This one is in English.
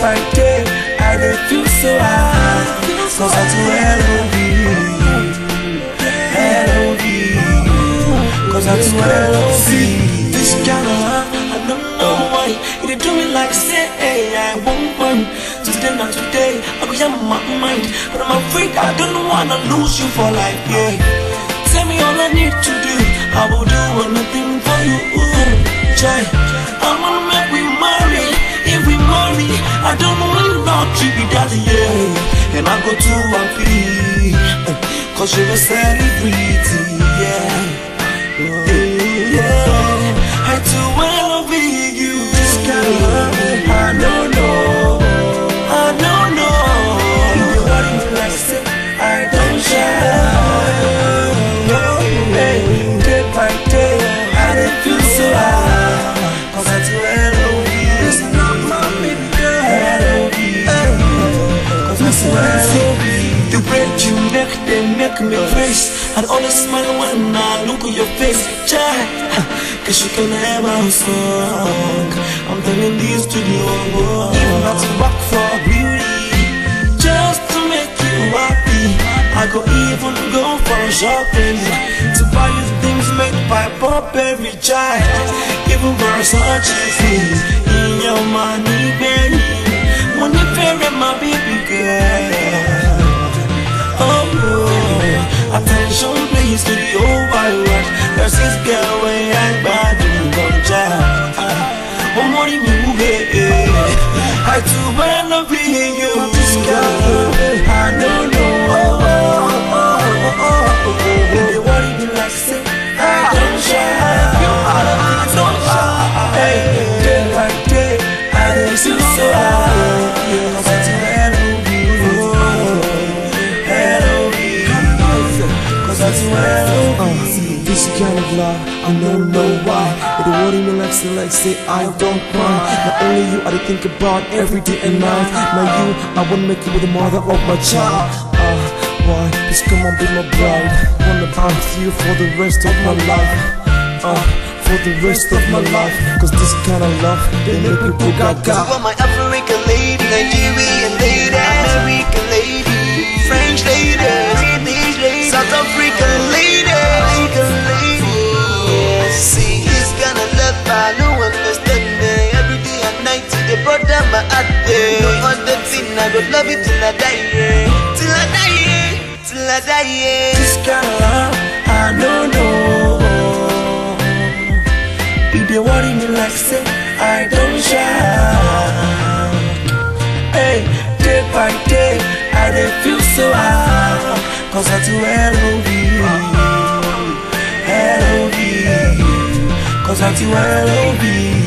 my day I dey feel so high Cause I do L.O.V L.O.V Cause I do L.O.V This kind of love, I don't know why It dey do me like say hey, I want one Today not today, I be on my mind But I'm afraid I don't wanna lose you for life, yeah Tell me all I need to do I will do anything I go to one Cause you're a celebrity Make me praise and i always smile when I look at your face cause you can have my song I'm telling this to the whole world Even not to work for beauty Just to make you happy I go even go for shopping To buy you things made by pop every child Even for such a thing In your money, baby Francisco I don't know why But the world in my life like say I don't mind Not only you I think about every day and night Now you, I wanna make you the mother of my child uh, why? Please come on be my bride Wanna be with you for the rest of my life uh, For the rest of my life Cause this kind of love, they make me gaga You are my African lady Nigerian lady American lady French lady love you till I die, yeah. Till I die, yeah. Till I die, yeah. This kind of love, I don't know. If they worry me like say, I don't shine. Hey, day by day, I don't feel so high. Cause I do LOV. LOV. Cause I do LOV.